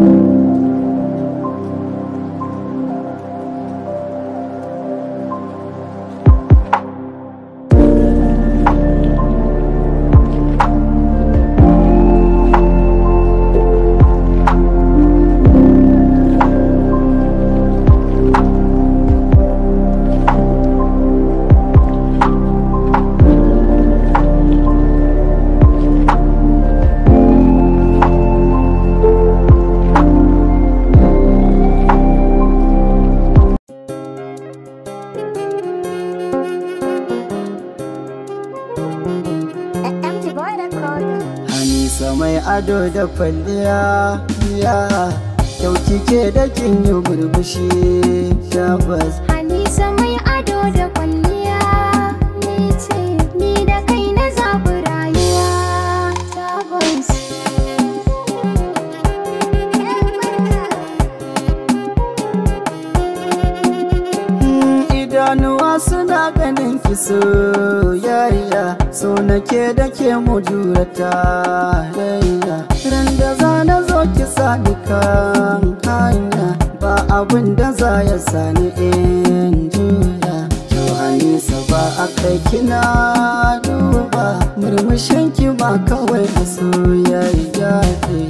thank you. ado da kwalliya ya kyauki ke da kin yi burbushi shabas hanisa mai ado da kwalliya ne ce ni da kai na zaɓi rayuwa shabas hmm, Idanu suna ganin ki soyayya so nake da ke mu jura tarayya ran da za na zo ki sani kan hanya ba abin da za ya sani in juya to anisa ba a kai kina duba murmushin ki ba kawai a soyayya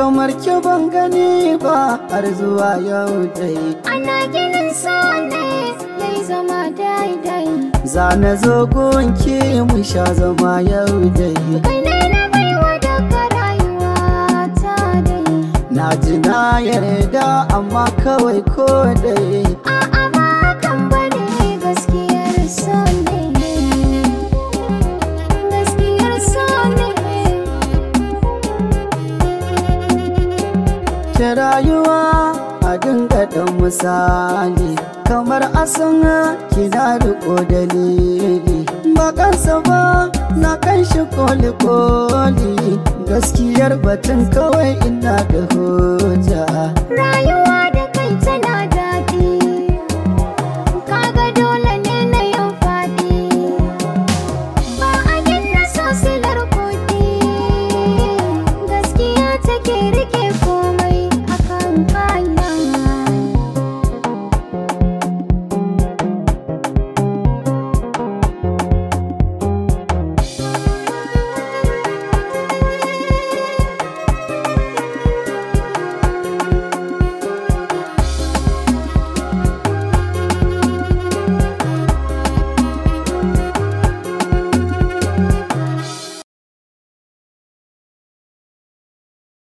kamar ki ban gani ba har zuwa yau dai ana ginin sone yayi zama daidai za na zo gonki mu sha zama yau dai na ji na yarda amma kawai ko dai ta rayuwa a dinga ɗan misali kamar asan kina riko dalili ba kansa ba na kan shi koli koli gaskiyar batun kawai ina da hujja rayuwa